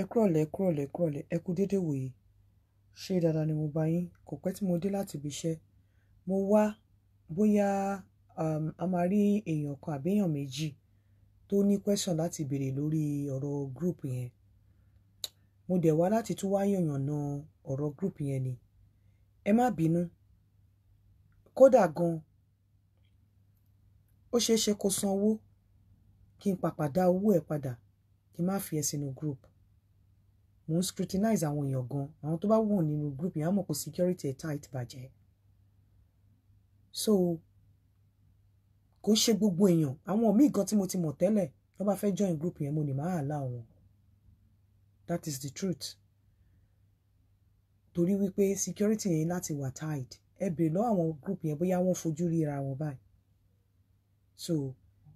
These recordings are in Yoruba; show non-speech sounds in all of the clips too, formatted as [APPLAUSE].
Ẹ kúrọ̀lẹ́, ẹ kúrọ̀lẹ́, ẹ kúrọ̀lẹ́. Ẹ kú dédé wò yí. Ṣé dáadáa ni mo bá yín? Kò pẹ́ tí mo dé láti ibi iṣẹ́. Mo wá bóyá, um, a máa rí èèyàn kan àbí èèyàn méjì tó ní question láti bèèrè lórí ọ̀rọ̀ group yẹn. Mo dẹ̀ wá láti tún wá yànàná ọ̀rọ̀ group yẹn ni. Ẹ má bínú. Kódà gan, ó ṣe é ṣe kó san owó kí n pàpà dá owó ẹ̀ padà kí n má fi ẹ sínú group mò ń scrutinize àwọn èèyàn gan àwọn tó bá wọ̀n nínú group yẹn á mọ̀ pé security ẹ̀ tight bàjẹ́ so kò ṣe gbogbo èèyàn àwọn míì gan tí mo ti mọ̀ tẹ́lẹ̀ tó bá fẹ́ join group yẹn mo ní máa àlá wọn that is the truth torí wípé security yẹn láti wà tight ẹ bèrè lọ àwọn group yẹn bóyá wọ́n fojú ríra wọn báyìí so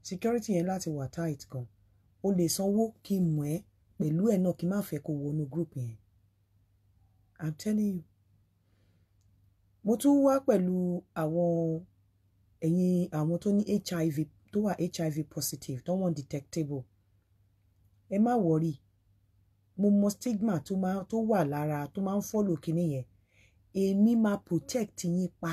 security yẹn láti wà tight gan o lè sanwó kí n mọ̀ ẹ́ pẹ̀lú ẹ̀ náà kí n má fẹ́ kó wọnú group yẹn i'm telling you mo tún wá pẹ̀lú àwọn ẹ̀yin àwọn tó ní hiv tó wà hiv positive tó wọ́n detectable ẹ má wọrí mo mọ stigma tó máa tó wà lára tó máa ń fọ́lò kínní yẹn èmi máa protect yín pa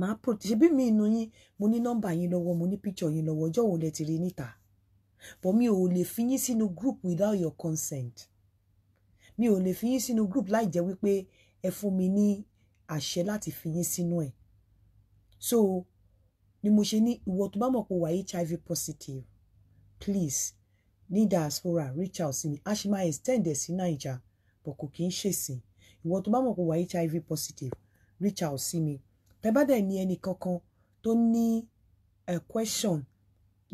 máa protect ṣebí mi inú yín mo ní nọ́mbà yín lọ́wọ́ mo ní píkṣọ yín lọ́wọ́ ọjọ́ wo lẹ ti rí níta but mi ò lè fi yín sínú group without your consent mi ò lè fi yín sínú group láì jẹ́ wípé ẹ fún mi ní àṣẹ láti fi yín sínú so ni mo ṣe ní ìwọ tó bá mọ̀ pé wà HIV positive please ní diaspora reach out sí mi Ashima ṣì máa extend ẹ̀ sí naija but kò kí ń ṣèsìn ìwọ tó bá mọ̀ pé wà HIV positive reach out sí mi tẹ́ bá dẹ̀ ní ẹnì kankan tó ní a eh, question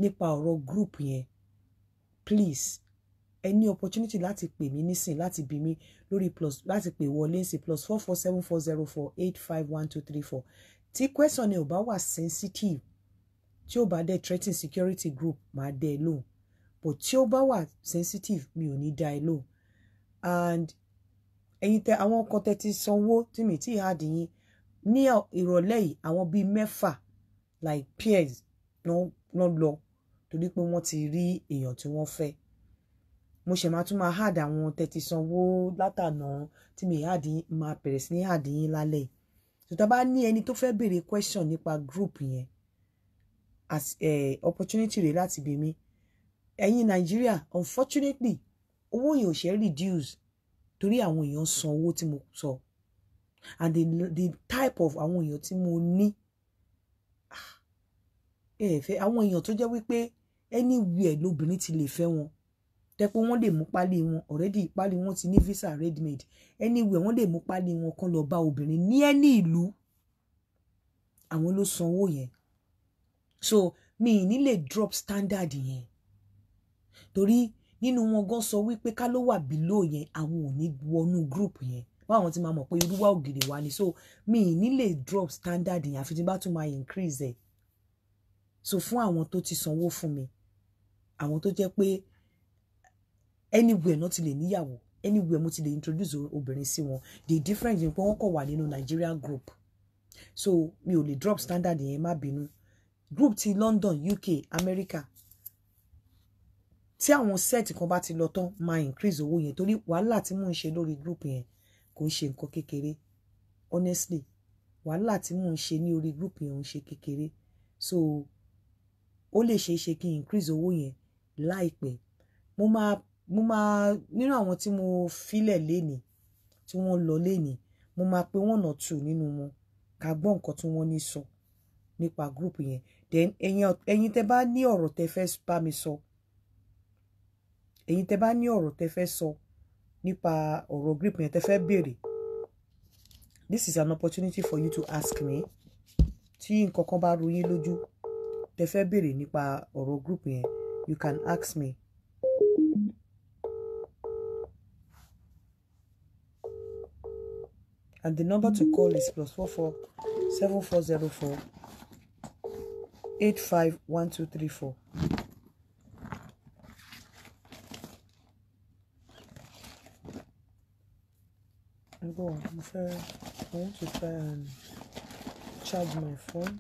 nípa ọ̀rọ̀ group yẹn please ẹ ní opportunity láti pè mí nísìn láti bí mi lórí plus láti pè wọlé sí plus four four seven four zero four eight five one two three four tí question ni ò bá wà sensitive tí ó bá dẹ̀ threaten security group máa dẹ̀ ẹ lóhùn but tí ó bá wà sensitive mi ò ní dá ẹ lóhùn and ẹ̀yin tẹ àwọn kan tẹ ti sanwó tí mi ti hà dì yín ní ìrọ̀lẹ́ yìí àwọn bíi mẹ́fà like peers náà lọ torí pé wọ́n ti rí èèyàn tí wọ́n fẹ́ mo ṣe máa tún máa hàd àwọn tẹ́tí sanwó látànà tí mi hàd máa bẹ̀rẹ̀ sí ní hàd yín lálẹ́ tòtá bá ní ẹni tó fẹ́ béèrè question nípa group yẹn as eh, opportunity rẹ̀ láti bí mi ẹ̀yin Nàìjíríà unfortunately owó yẹn ò ṣe reduce torí àwọn èèyàn san owó tí mo sọ and the, the type of àwọn èèyàn tí mo ní ẹ ẹ fẹ́ àwọn èèyàn tó jẹ́ wípé anywhere lobìnrin ti lè fẹ́ wọn tẹ́pọ̀ wọ́n lè mú pálí wọn already pálí wọn ti ní visa ready made anywhere wọ́n lè mú pálí wọn kan lọ bá obìnrin ní ẹni ìlú àwọn ló sanwó yẹn so mi ì ní lè drop standard yẹn torí nínú wọn gan sọ wípé ká ló wà below yẹn àwọn ò ní wọnú group yẹn báwọn ti máa mọ̀ pé irúwà ògiri wa ni so mi ì ní lè drop standard yẹn àfi tí bá tún máa increase ẹ̀ so fún àwọn tó ti sanwó fún mi àwọn tó jẹ́ pé anywhere náà ti lè níyàwó anywhere mo ti lè introduce obìnrin sí wọn the difference ni pé wọ́n kọ̀ wà nínú Nigerian group so mi ò lè drop standard yẹn má bínú group ti London UK America tí àwọn set kan bá ti lọ tán máa increase owó yẹn torí wàhálà tí mò ń ṣe lórí group yẹn kò ń ṣe nǹkan kékeré honestly wàhálà tí mò ń ṣe ní orí group yẹn ò ń ṣe kékeré so ó lè ṣeé ṣe kí n increase owó yẹn láìpẹ́ mo máa mo máa nínú àwọn tí mo filẹ̀ lénìí tí wọ́n lọ lénìí mo máa pe one or two nínú wọn ká gbọ́ nǹkan tí wọ́n ní sọ nípa group yẹn then ẹ̀yin ẹ̀yin bá ní ọ̀rọ̀ tẹ́ fẹ́ bá mi sọ ẹ̀yin tẹ́ bá ní ọ̀rọ̀ tẹ́ fẹ́ sọ nípa ọ̀rọ̀ group yẹn tẹ́ fẹ́ béèrè this is an opportunity for you to ask me tí nǹkan kan bá rú yín lójú tẹ́ fẹ́ béèrè nípa ọ̀rọ̀ group yẹn you can ask me. and the number to call is plus four four seven four zero four eight five one two three four. Go on, I'm fair. I want to try and charge my phone.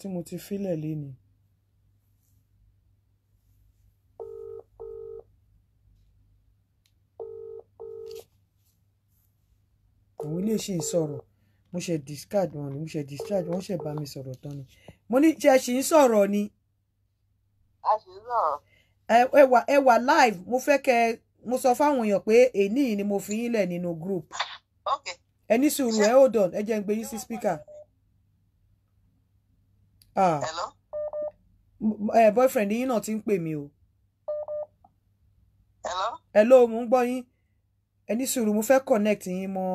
tí mo ti fílẹ̀ lénìí. àwọn ilé ṣì ń sọ̀rọ̀ mo ṣe discharge wọn ni mo ṣe discharge wọn ṣe bá mi sọ̀rọ̀ tán ni mo ní ṣe ṣì ń sọ̀rọ̀ ni. a ṣì ń sọ̀rọ̀. ẹ wà ẹ wà live mo fẹ́ kẹ mo sọ fáwọn èèyàn pé èyí ni mo fi yín lẹ̀ nínú group. ok. ẹ ní sùúrù ẹ hold on ẹ jẹ́ n gbé yín sí speaker. Ah. hello. ẹ eh, boyfriend yín náà ti ń pè mí o. hello. hello mo ń gbọ́ yín ẹ ní sùúrù mo fẹ́ connect yín mọ́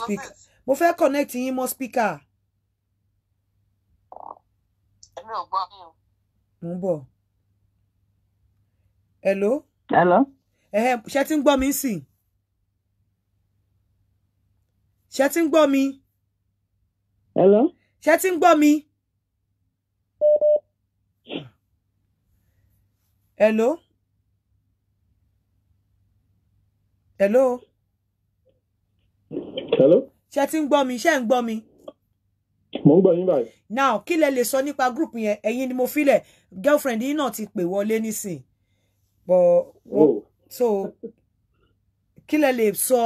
speaker mo fẹ́ connect yín mọ́ speaker. èmi ò gbọ́ yín o. mo ń bọ̀. hello. hello. ẹ̀hẹ̀ ṣé tí ń gbọ́ mi sí i ṣé ń gbọ́ mi. hello. ṣé tí ń gbọ́ mi. Hello? Hello? Hello? Ṣé ti ń gbọ́ mi? Ṣé ń gbọ́ mi? Mo ń gbọ́ yín báyìí. Now, kí lẹ lè sọ nípa group yẹn? Ẹ̀yin ni mo filẹ̀. Girlfriend yín náà ti pè wọlé nísìn. Bọ̀ wọ́n. Oh. So, kí lẹ lè sọ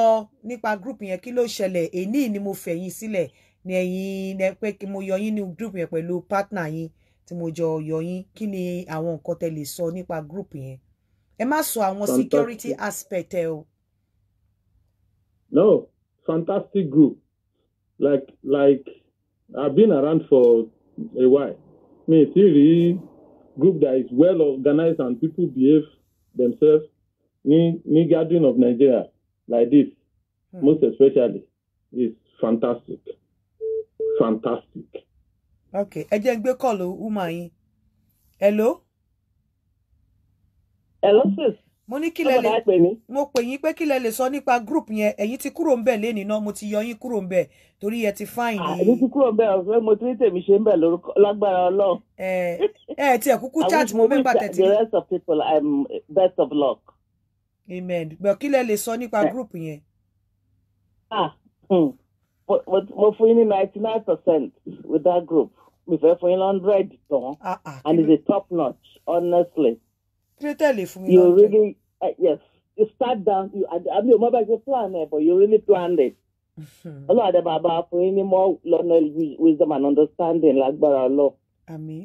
nípa group yẹn? Kí ló ṣẹlẹ̀? Èní ni mo fẹ̀yìn sílẹ̀. Ni ẹ̀yin ni pé mo yọ yín ní group yẹn pẹ̀lú partner yín tí mo jọ yọ kí ni àwọn nǹkan tẹ́ lè sọ nípa group yẹn ẹ má sọ àwọn security aspect ẹ o. no fantastic group like like I've been around for a while me ti rí group that is well organized and people behave themselves ní ní gathering of Nigeria like this hmm. most especially is fantastic fantastic ok ẹ jẹ́ ń gbé kọ́ọ̀lù woman yín hello. hello sis. mo ní kí lẹ lè mo pè yín pé kí lẹ lè sọ nípa group yẹn ẹ̀yin ti kúrò ń bẹ̀ lẹ́nìí náà mo ti yọ yín kúrò ń bẹ̀ torí ẹ ti fáìn yìí. àbí ti kúrò ń bẹ̀ ọ̀fẹ́ mo ti ní tèmi ṣe ń bẹ̀ lórúkọ lágbára ọlọ́run. ẹ ẹ tiẹ̀ kúkú chat mo mẹ́mbà tẹ̀tí. the rest of people i'm best of luck. amen gbọ́ kí lẹ lè sọ nípa eh. group yẹn. ah hmm mo fún yín ní ninety nine percent with that group mi fẹ́ fún yín ní hundred tán ah, ah, and it's a top notch honestly. kílé tẹ̀lé fún mi you really uh, yes you start down you àbí òmò bá ṣe plan ẹ̀ but you really planned it. Mm-hmm. ọlọ́àdẹ bàbá fún yín ní more lọ́nà wisdom and understanding lágbára ọlọ́. àmín.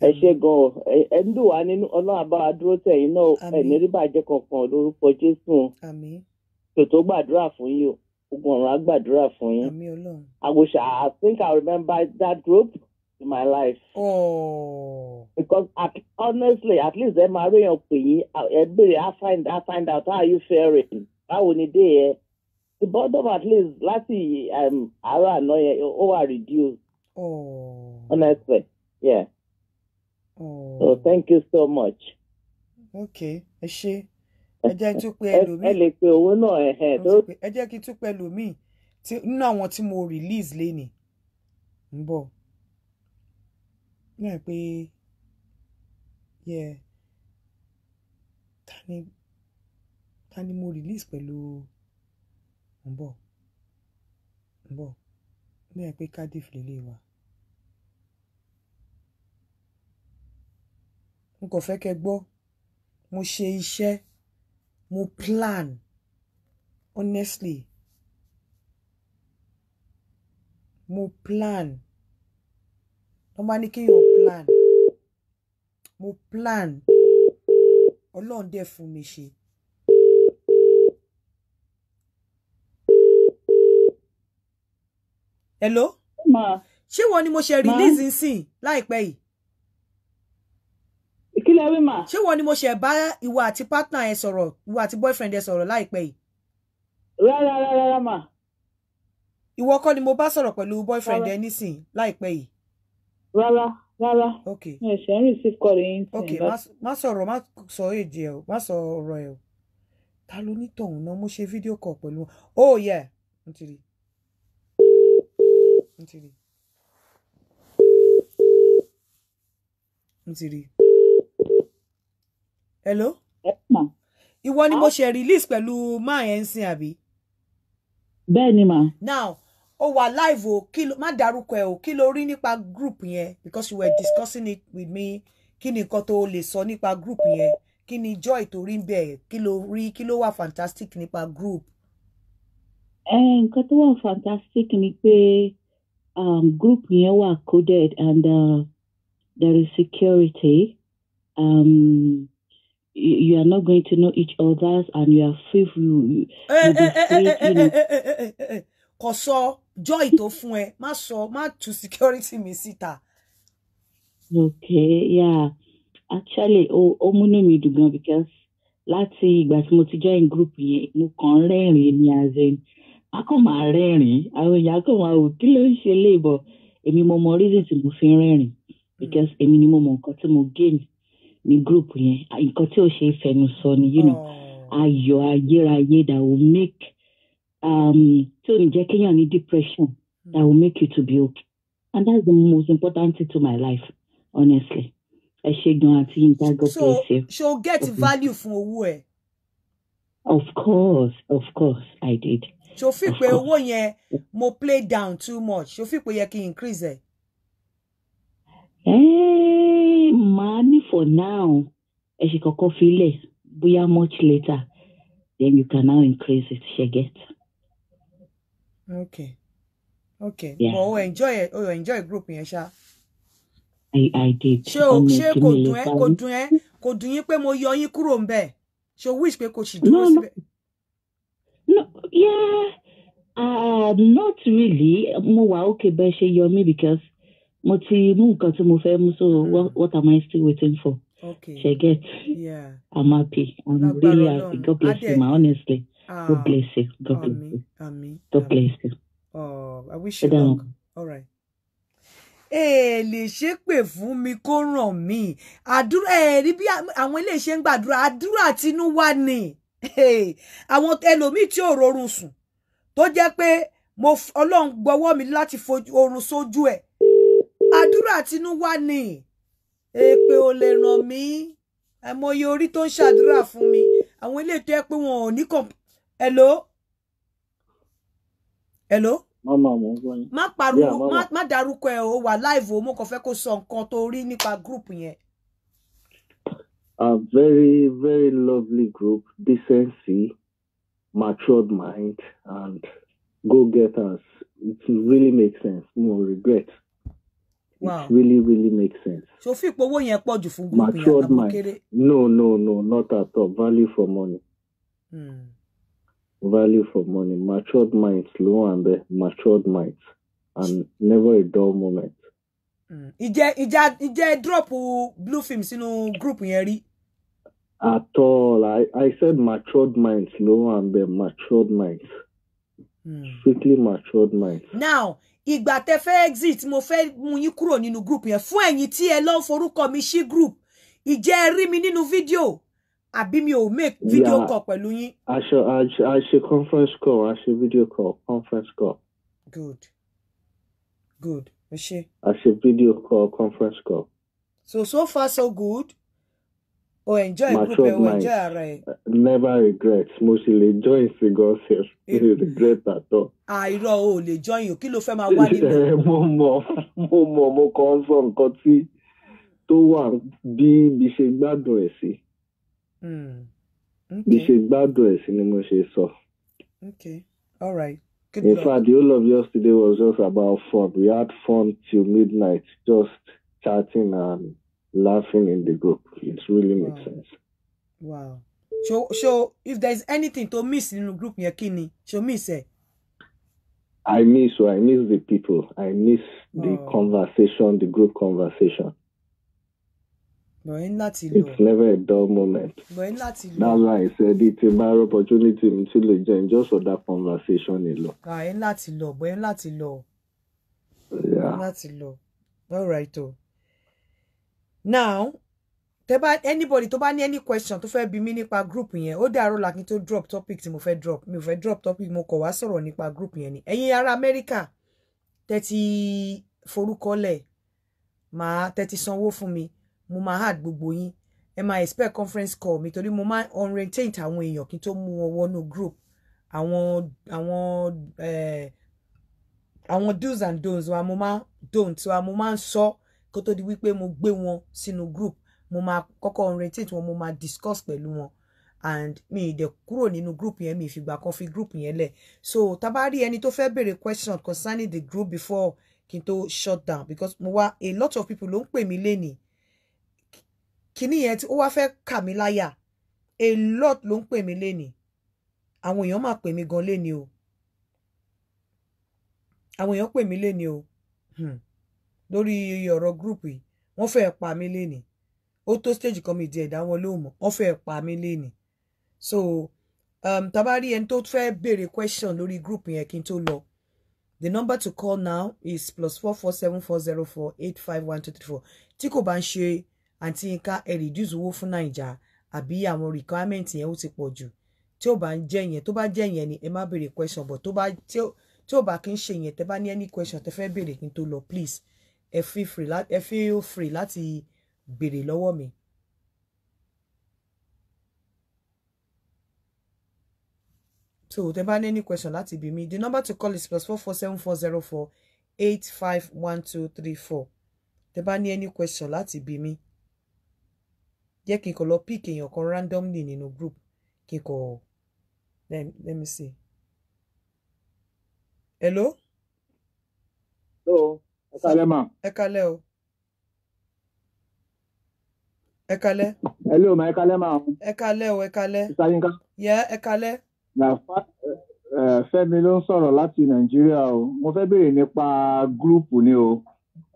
ẹ ṣe gan o ẹ ń dùn wá nínú ọlọ́run àbá dúró tẹ̀yìn náà ẹ̀ ní rí bàjẹ́ kankan lórúkọ jésù. àmín. tòtó gbàdúrà fún yín o ogun ọ̀run á gbàdúrà fún yín. àmì ọlọ́run. I wish I think I remember that group in my life. Oh. because at, honestly at least ẹ máa ríyàn pè yín ẹ I find I find out how are you faring báwo ni dé yẹ the boredom at least láti um, àárọ̀ àná yẹn ó wà reduced. Oh. honestly yeah. Oh. so thank you so much. okay ẹ ṣé ẹ jẹ́ kí tún pé ẹlòmíì ẹ lè pe owó náà ẹ ẹ tó. ẹ jẹ́ kí tún pé ẹlòmíì nínú àwọn tí mo release lénìí ń bọ̀ náà pé yẹ ta ni mo release pẹ̀lú ń bọ̀ ń bọ̀ náà pé Cardiff lélẹ̀ wa. n kò fẹ́ kẹ́ gbọ́ mo ṣe iṣẹ́ mo plan honestly mo plan wọ́n bá ní kéèyàn plan mo plan ọlọ́run dẹ̀ fún mi ṣe. hello ṣé wọn ni mo she release in nsìn like yìí. ìkílẹ̀ wí mà. ṣé wọn ni mo ṣe bá ìwọ àti partner ẹ sọ̀rọ̀ ìwọ àti boyfriend ẹ sọ̀rọ̀ láìpẹ́ yìí. rárá rárá mà. ìwọ ni mo bá sọ̀rọ̀ pẹ̀lú boyfriend ẹ nísìn láìpẹ́ yìí. rárá rárá yín ok má má sọ èdè má sọ ta ló ní hello. ìwọ ni mo ah. ṣe release pẹ̀lú máa ẹ̀ ń sìn àbí. bẹ́ẹ̀ ni mà. now ó wà live o kí ló má dárúkọ ẹ o kí rí nípa group yẹn because you were discussing it with me kí ni nǹkan tó lè sọ nípa group yẹn kí ni joy tó rí bẹ́ẹ̀ kí ló rí kí ló wà fantastic nípa group. nǹkan tó wà fantastic ni pé um, group yẹn wà coded and uh, there is security um, you are not going to know each other and you are faithful. You, you be faith, you know. Kò sọ joy tó fún ẹ, má sọ, má tú security mi síta. Okay, yeah. Actually, ó ó múnú mi dùn gan because láti ìgbà tí mo ti join group yẹn, mo kàn rẹ́rìn-ín ni as in, a kò máa rẹ́rìn-ín, àwọn èèyàn kò máa wò kí ló ń ṣe léèbọ̀. Èmi mo mọ reason tí mo fi ń rẹ́rìn-ín mm. because èmi ni mo mọ nǹkan tí mo gain ní group yẹn nǹkan tí ò ṣe fẹnu sọ ni you know oh. ayọ̀ ayérayé that will make um, tí ò ní jẹ́ kéèyàn ní depression hmm. that will make you to be okay and that's the most important thing to my life honestly ẹ ṣe gan àti yínká god bless you. so so get value fún owó ẹ. of course of course i did. so fi pe owó yẹn mo play down too much so fi pe yẹ kí increase ẹ. Eh? màá ní for now ẹ ṣe kọ́kọ́ filẹ̀ bóyá much later then you can now increase it ṣe get. okay okay yeah. but o enjoy o enjoy group yẹn ṣá. I, I did. ṣé o ṣé kò dùn ẹ́ kò dùn ẹ́ kò dùn yín pé mo yọ yín kúrò ń bẹ̀ ṣé o wish pé kò sì dúró síbẹ̀. no yeah uh, not really mo wà okay bẹ́ẹ̀ ṣe yọ mí because mo ti mú nǹkan tí mo fẹ́ mú so hmm. what, what am I still waiting for? Okay. She get. Yeah. I'm happy. I'm La really happy. God bless Ade. you, ma. Honestly. Ah. God bless you. God bless you. Ami. God bless you. Oh, I wish you luck. All right. ẹ lè ṣe pè fún mi kó ràn mí àdúrà ẹ rí bí àwọn iléeṣẹ́ ń gbàdúrà àdúrà tinúwá ni àwọn ẹlòmíì tí ò rọrùn sùn tó jẹ́ pé Ọlọ́run gbọ́wọ́ mi láti fojú oorun sójú ẹ̀ Àdúrà tinúwá ni èpè ò lè ràn mí àìmọye orí tó ń ṣàdúrà fún mi àwọn eléyìí tó yẹ pé wọn ò ní kàn hello hello má pariwo má dárúkọ ẹ o wà láìvò mo kàn fẹ́ kó sọ nǹkan tó rí nípa group yẹn. A very, very lovely group, decency, matured mind, and go getters. It really makes sense. No regret wow. it really really makes sense. ṣòfin ìpowó yẹn pọ̀ jù fún group yẹn àbúrò kéré. no no no not at all value for money. Hmm. value for money matured minds ló wà ń matured minds and never a dull moment. Hmm. ìjẹ́ ìjà ìjẹ́ drop blue film sínú group yẹn rí. at all i i said matured minds ló wà ń matured minds. Hmm. strictly matured minds. now ìgbà tẹ fẹ́ exit mo fẹ́ mú yín kúrò nínú group yẹn fún ẹ̀yin tí ẹ lọ forúkọ mi sí group ìjẹ́ ẹ rí mi nínú fídíò àbí mi ò make video yeah. call pẹ̀lú yín. a ṣe a ṣe conference call a ṣe video call conference call. good good ẹ ṣe. a ṣe video call conference call. so so far so good. Oh, enjoy group ẹ o enjoy ara ẹ. Uh, never regret Mostly sì lè join single self mi regret that, all. àìrọ o lè join o kilo ló fẹ́ máa wá [LAUGHS] nílẹ̀. Eh, mo mọ̀ mo mọ̀ mo kàn ń sọ nǹkan tí tó wà bí mi ṣe hmm. okay all right. Good In luck. fact, the whole of yesterday was just about fun. We had fun till midnight, just chatting and laughing in the group. It really wow. makes sense. Wow. So so if there's anything to miss in the group yẹn kí ni, so miss ẹ. I miss I miss the people. I miss oh. the conversation, the group conversation. Bọ̀yé láti lò. It's never a dull moment. Bọ̀yé láti lò. That's why I said it in my opportunity mi tún lè just for that conversation alone. Bọ̀yé ah, láti lò. Bọ̀yé low. Yeah. Bọ̀yé láti lò. All right o now tẹ bá anybody tó bá ní any question tó fẹ́ bi mí nípa group yẹn ó dàárọ̀ la kí n tó drop topic tí mo fẹ́ drop mi ò fẹ́ drop topic mo kọ̀ wá sọ̀rọ̀ nípa group yẹn ni ẹ̀yin ará Amẹ́ríkà tẹ́tí forúkọlẹ̀ máa tẹ́tí sanwó fún mi mo máa hard gbogbo yín ẹ máa expect conference call mi torí mo máa orientate àwọn èèyàn kí n tó mú wọn wọnú group àwọn àwọn eh, àwọn do's and don'ts wa mo máa don't wa mo máa ń sọ. So, kó tó di wípé mo gbé wọn sínú group mo máa kọ́kọ́ orientate wọn mo máa discuss pẹ̀lú wọn and mi ìdẹ̀ kúrò nínú group yẹn mi ìfìgbà kan fi group yẹn lẹ̀ so tá bá rí ẹni tó fẹ́ béèrè question concerning the group before kí n tó shut down because mo wá a lot of people ló ń pè mí lénìí kíní yẹn tí ó wá fẹ́ kà mí láyà a lot ló ń pè mí lénìí àwọn èèyàn máa pè mí gan lénìí o àwọn èèyàn pè mí lénìí o. Hmm lórí ọ̀rọ̀ gúrùpù yìí wọ́n fẹ́ẹ́ pa mí lénìí ó tó stage kan mi di ẹ̀dá wọn lóhùn mọ́ wọ́n fẹ́ẹ́ pa mí lénìí so um, tabari ẹni tó fẹ́ béèrè question lórí gúrùpù yẹn kí n tó lọ the number to call now is plus four four seven four zero four eight five one two three four tí kò bá ń ṣe àǹtí nǹkan ẹ̀ reduce owó fún nàìjà àbí àwọn requirement yẹn ó ti pọ̀ jù tí ó bá ń jẹ́ yẹn tó bá jẹ́ yẹn ni ẹ má béèrè question but tó bá tí ó bá kí ń ṣe yẹn tẹ́ bá ní any question tẹ́ fẹ́ béèrè kí n tó lọ please ẹ feel free ẹ feel free láti béèrè lọ́wọ́ mi. so tẹ́ bá ní any question láti bí mi the number to call is plus four four seven four zero four eight five one two three four tẹ́ bá ní any question láti bí mi jẹ́ kí n kò lọ pick èèyàn kan randomly nínú group kí n kò let me see hello. hello ẹ kalẹ́ ma. ẹ kalẹ́ o. ẹ kalẹ́. ẹ lé o ma ẹ kalẹ́ ma. ẹ kalẹ́ o ẹ kalẹ́. ìsayínká. yẹ ẹ kalẹ́. làfà Fẹ́mi ló ń sọ̀rọ̀ láti Nàìjíríà o mo fẹ́ béèrè nípa gúrúùpù ni o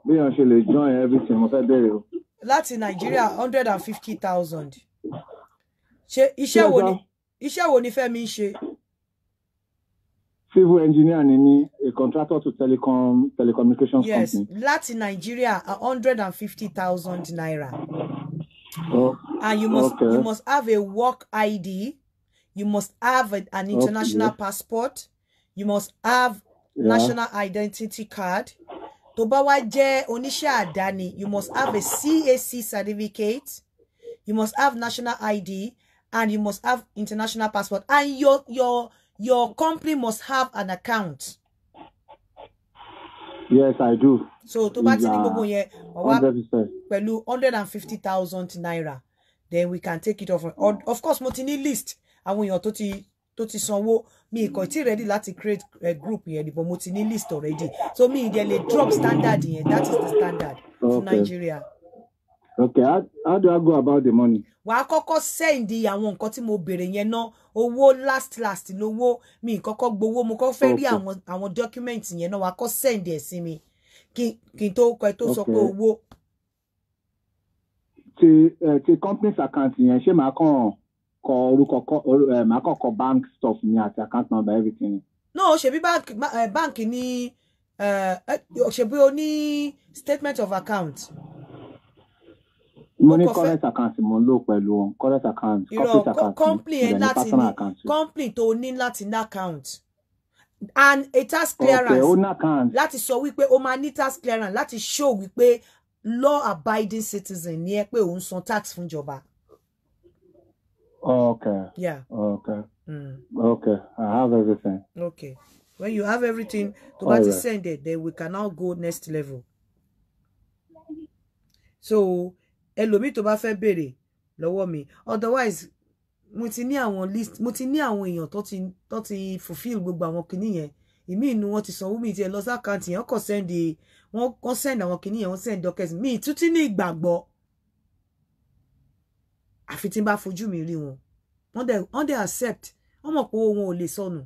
bí wọn ṣe lè join everything mo fẹ́ béèrè o. láti Nàìjíríà hundred and fifty thousand ṣe iṣẹ́ wo ni iṣẹ́ wo ni Fẹ́mi ń ṣe civil engineer ni mí a contractor to telecom telecommunications yes, company. yes láti Nigeria a hundred and fifty thousand naira. Oh, and you must okay. you must have a work ID you must have a, an international okay. passport you must have yeah. national identity card tó bá wá jẹ́ oníṣẹ́ àdáni you must have a CAC certificate you must have national ID and you must have international passport and your your your company must have an account. yes i do. so to bá ti ní gbogbo yẹn ọwá hundred and fifty thousand naira then we can take it off Or, of course mo ti list àwọn èèyàn your ti tó ti sanwó mi ìkọ̀ tí ready láti create a group here. ni but mo list already so me, ìdẹ̀ lè drop standard here. that is the standard okay. for Nigeria. okay how, how do i go about the money wàá kọ́kọ́ sẹ́ǹdì àwọn nǹkan tí mo béèrè yẹn ná owó last last lówó mi kọ́kọ́ gbowó mo kọ́ fẹ́ rí àwọn àwọn dọ́kúmẹ́ǹtì yẹn náà wàá kọ́ sẹ́ǹdì ẹ̀ sí mi kí n tó kọ ẹ tó sọ pé owó. ti ti companies account yẹn ṣé màá kàn kọ orúkọ màá kàn kọ bank stuff mi àti account number everything. No ṣebí báńkì ní ṣebí o ní statement of account. No, mo ní current account mo ń lò pẹ̀lú wọn current account corporate account company ẹ láti ní company tó ní láti ní account and a tax clearance okay, láti sọ wípé o máa ní tax clearance láti show wípé law abiding citizen ni ẹ pé òun san tax fún ìjọba. okay yeah okay mm. okay i have everything. okay when you have everything to bá ti send it then we can now go next level. so ẹlòmíì tó bá fẹ́ béèrè lọ́wọ́ mi otherwise mo ti ní àwọn list mo ti ní àwọn èèyàn tó ti tó ti fulfil gbogbo àwọn kinní yẹn ìmí inú wọn ti sanwó mi ti ẹ lọ sí àkáǹtì yẹn kò sẹ́ndì wọn kò sẹ́ndì àwọn kinní yẹn wọ́n sẹ́ndì dọ́kẹ́sì mi ìtútí ní ìgbàgbọ́ àfi tí n bá fojú mi rí wọn wọ́n dẹ̀ accept wọ́n mọ̀ pé owó wọn ò lè sọnù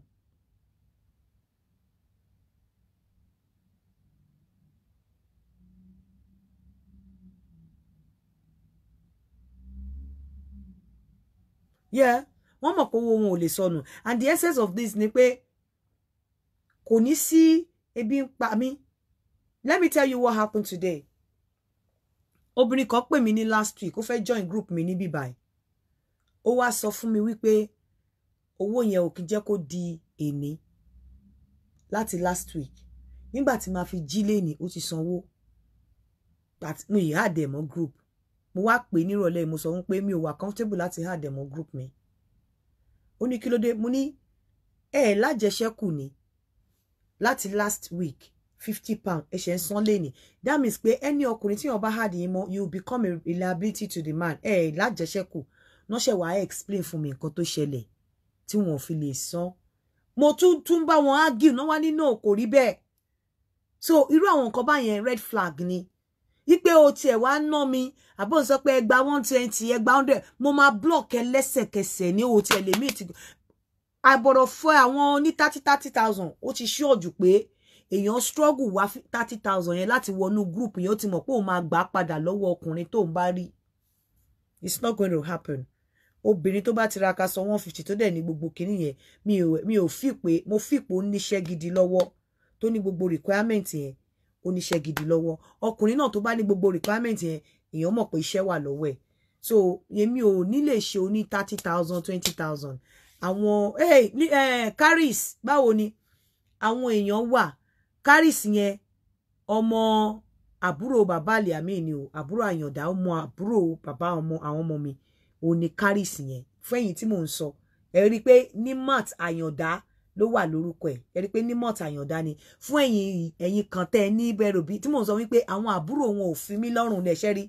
yeah wọ́n mọ̀ pé owó wọn ò lè sọnù and the essence of this ni pé kò ní sí ebi ń pa mí let me tell you what happened today obìnrin kan pè mí ní last week ó fẹ́ join group mi ní bíbáyìí ó wá sọ fún mi wípé owó yẹn ò kí jẹ́ kó di èní láti last week nígbà tí màá fi jí léni ó ti sanwó mi ì hàdẹ̀ mọ́ group mo wá pè nírọ̀lẹ́ mo sọ fún pé mi ò wà comfortable láti hàn demo group mi ó ní kí ló dé mo ní ẹ ẹ̀ lájẹṣẹ́kù ni láti last week fifty pound ẹ ṣe ń san lé that means pé ẹni ọkùnrin tí wọn bá hàn yín mọ you become a reliability to the man ẹ ẹ̀ lájẹṣẹ́kù ránṣẹ́ wàá explain fún mi nǹkan tó ṣẹlẹ̀ tí wọn ò fi lè san mo tún tún bá wọn argue náà wá nínú kò rí bẹ́ẹ̀ so irú àwọn nǹkan báyẹn red flag ni wípé o tiẹ̀ wá ná mi àbò ń sọ pé ẹgbà one twenty ẹgbà hundred mo máa block ẹ lẹ́sẹ̀kẹsẹ̀ ní o tiẹ̀ lè meet àbọ̀rọ̀ fún àwọn ní thirty thirty thousand ó ti ṣí ọ̀jù pé èèyàn struggle wá thirty thousand yẹn láti wọnú group yẹn ó ti mọ̀ pé òun máa gbà padà lọ́wọ́ ọkùnrin tó ń bá rí it's not going to happen obìnrin tó bá tiraka san one fifty tó dẹ̀ ní gbogbo kinní yẹn mi mi ò fi pé mo fi pé ó níṣẹ́ gidi lọ́wọ́ tó ní gbogbo requirement yẹn oníṣẹ́ gidi lọ́wọ́ ọkùnrin náà tó bá ní gbogbo requirement yẹn èèyàn mọ̀ pé iṣẹ́ wà lọ́wọ́ ẹ̀ so èmi ò ní lè ṣe oní thirty thousand twenty thousand àwọn eh, caris báwo ni àwọn èèyàn wà caris yẹn ọmọ àbúrò bàbá àlìámì ni o àbúrò àyàndá ọmọ àbúrò bàbá ọmọ àwọn ọmọ mi òun ni caris yẹn fẹ́yìn tí mò ń sọ ẹ rí i pé ní mat àyàndá ló wà lórúkọ ẹ̀ ẹ rí i pé nímọ̀ tàyàndá ni fún ẹ̀yin ẹ̀yin kan tẹ́ ẹ ní bẹ̀rù bí tí mò ń sọ wípé àwọn àbúrò wọn ò fi mí lọ́rùn lẹ́sẹ̀ rí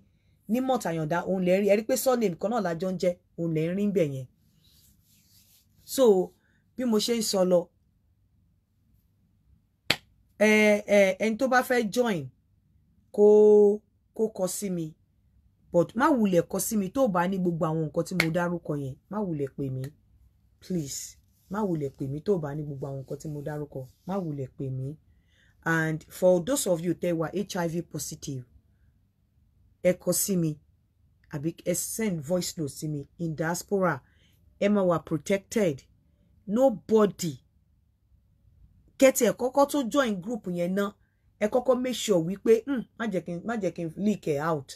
nímọ̀ tàyàndá òun lẹ́ rí ẹ rí i pé surname kan náà lájọ ń jẹ́ òun lẹ́ ń bẹ̀ yẹn so bí mo ṣe ń sọ lọ ẹ ẹ ẹni tó bá fẹ́ join kó kó kọ sí mi but má wulẹ̀ kọ sí mi tó bá ní gbogbo àwọn nǹkan tí mo dárúkọ yẹn má wulẹ̀ pè mí please. mawule wulẹ̀ pè mí tó bá gbogbo awon nǹkan ti mo daruko má wulẹ̀ pè and for those of you tẹ́ wà HIV positive E kọ sí mi àbí e send voice note sí mi in diaspora e ma wa protected nobody kẹtì ekoko to join group yẹn na ẹ kọ́kọ́ make sure wípé hmm, má leak e out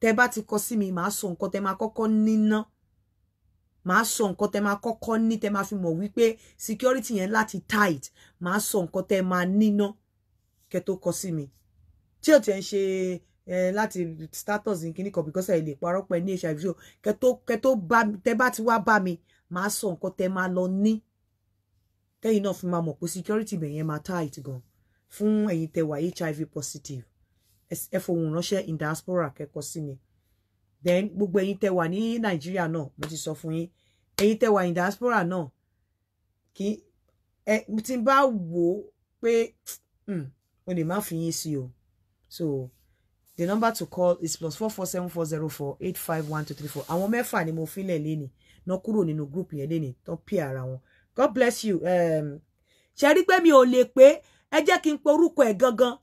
teba ti kọ si mi ma so nǹkan tẹ́ máa kọ́kọ́ màá sọ nǹkan tẹ máa kọ́kọ́ ní tẹ máa fi mọ̀ wípé security yẹn láti tight màá sọ nǹkan tẹ máa níná kẹ tó kọ sí mi tí ò tẹ ń ṣe láti status nkíní kan because ẹ lè parọ́ pẹ̀ ní hiv so kẹ tó kẹ tó bá tẹ bá ti wá bá mi màá sọ nǹkan tẹ máa lọ ní tẹ́yìn náà fi máa mọ̀ pé security bẹ̀ yẹn máa tight gan fún ẹ̀yin tẹ hiv positive ẹ fohùn ránṣẹ́ in diaspora kẹ́kọ̀ọ́ sí mi then gbogbo ẹ̀yin tẹ́ wà ní nàìjíríà náà mo ti sọ fún yín ẹ̀yin tẹ́ wà ní diaspora náà kí ẹ tí bá wò ó pé hmm, o lè má fi yín sí o so the number to call is plus four four seven four zero four eight five one two three four àwọn mẹ́fà ni mo filẹ̀ léni náà kúrò nínú group yẹn léni tán pè ara wọn god bless you um, ṣe rí pé mi ò lè pé ẹ jẹ́ kí n porúkọ ẹ̀ gangan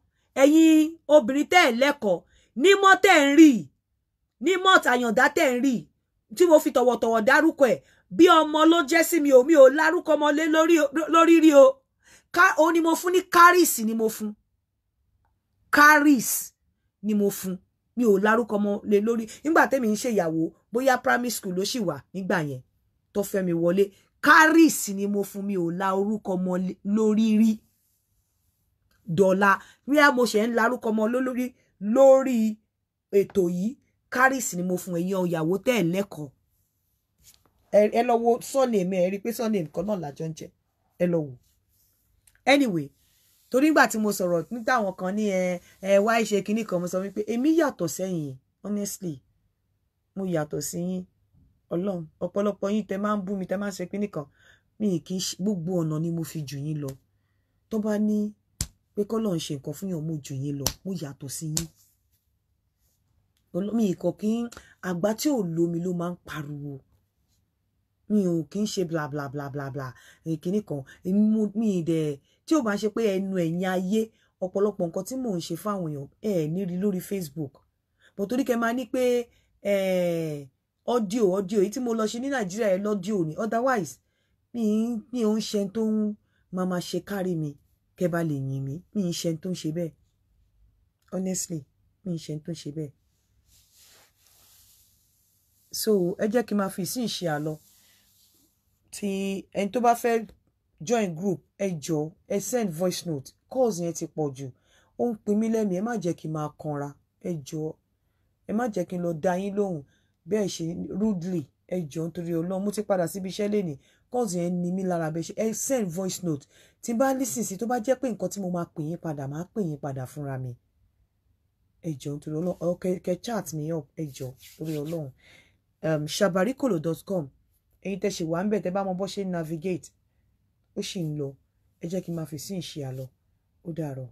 ẹ̀yin obìnrin tẹ́ ẹ̀ lẹ́kọ̀ọ́ nímọ̀ tẹ́ ń rí i ní mọ́ọ̀tà yọ̀ǹda tẹ̀ ń rí tí mo fi tọ̀wọ̀tọ̀wọ̀ dárúkọ ẹ̀ bí ọmọ ló jẹ́ sí mi ò mi ò lárúkọ ọmọ lé lórí rí o òun ni mo fún ní caris ni mo fún caris ni mo fún mi ò lárúkọ ọmọ lé lórí nígbà tẹ́mi ń ṣèyàwó bóyá primary school ló sì wà nígbà yẹn tó fẹ́ mi wọlé caris ni mo fún mi ò la orúkọ ọmọ lórí rí dọ̀la bí a mo ṣe ń larúkọ ọmọ lórí lórí ètò yìí kárìsì ni mo fún ẹ̀yin ọ̀yàwó tẹ́ ẹ̀ lẹ́kọ̀ọ́ ẹ lọ wo surname ẹ rí i pé surname kan náà làjọ ń jẹ ẹ lọ wò anyway torí ngbà tí mo sọ̀rọ̀ nígbà àwọn kan ní ẹ ẹ wá ṣe kinní kan mo sọ wípé èmi yàtọ̀ sẹ́yìn honestly mo yàtọ̀ sí yín ọlọ́run ọ̀pọ̀lọpọ̀ yín tẹ máa ń bú mi tẹ máa ń ṣe kinní kan mi kì í gbogbo ọ̀nà ni mo fi jù yín lọ tó bá ní pé kọ́lọ́run ṣe nǹkan fún yàn mo jù yín lọ mo yàtọ̀ sí yín mi ìkọ̀ kí n àgbá tí ò lómi ló máa ń pariwo mi ò kí ń ṣe bla bla bla bla bla kínní kan mi dẹ̀ tí ò bá ṣe pé ẹnu ẹ̀yìn ayé ọ̀pọ̀lọpọ̀ nǹkan tí mò ń ṣe fáwọn èèyàn ẹ̀ ní lórí Facebook bó torí kẹ máa ní pé ọ́díò ọ́díò èyí tí mo lọ ṣe ní Nàìjíríà ẹ̀ lọ́díò ni otherwise mi mi ò ń ṣe tó ń máa máa ṣe kárí mi kẹ bá lè yìn mí mi ń ṣe tó ń ṣe bẹ́ẹ̀ honestly mi ń ṣe tó ń ṣe bẹ́ẹ̀ so ẹ jẹ́ kí n máa fi sí ìṣe àlọ tí ẹni tó bá fẹ́ join group ẹ jọ ẹ send voice note calls yẹn ti pọ̀ jù ó ń pin mí lẹ́mìí ẹ má jẹ́ kí n máa kanra ẹ jọ ẹ má jẹ́ kí n lọ da yín lóhùn bẹ́ẹ̀ ṣe rudely ẹ jọ nítorí ọlọ́run mo ti padà síbi iṣẹ́ lẹ́nìí calls yẹn ni mí lára bẹ́ẹ̀ ṣe ẹ send voice note tí bá lísìn sí tó bá jẹ́ pé nǹkan tí mo máa pè yín padà máa pè yín padà fúnra mi ẹ jọ nítorí ọlọ́run kẹ chat mi up ẹ jọ nítorí ọlọ́run um, shabarikolo.com ẹ̀yin tẹ́ ṣe wà ń bẹ̀ tẹ́ bá mọ bó ṣe navigate ó sì ń lọ ẹ jẹ́ kí n máa fi sí ìṣe àlọ́ ó dàárọ̀.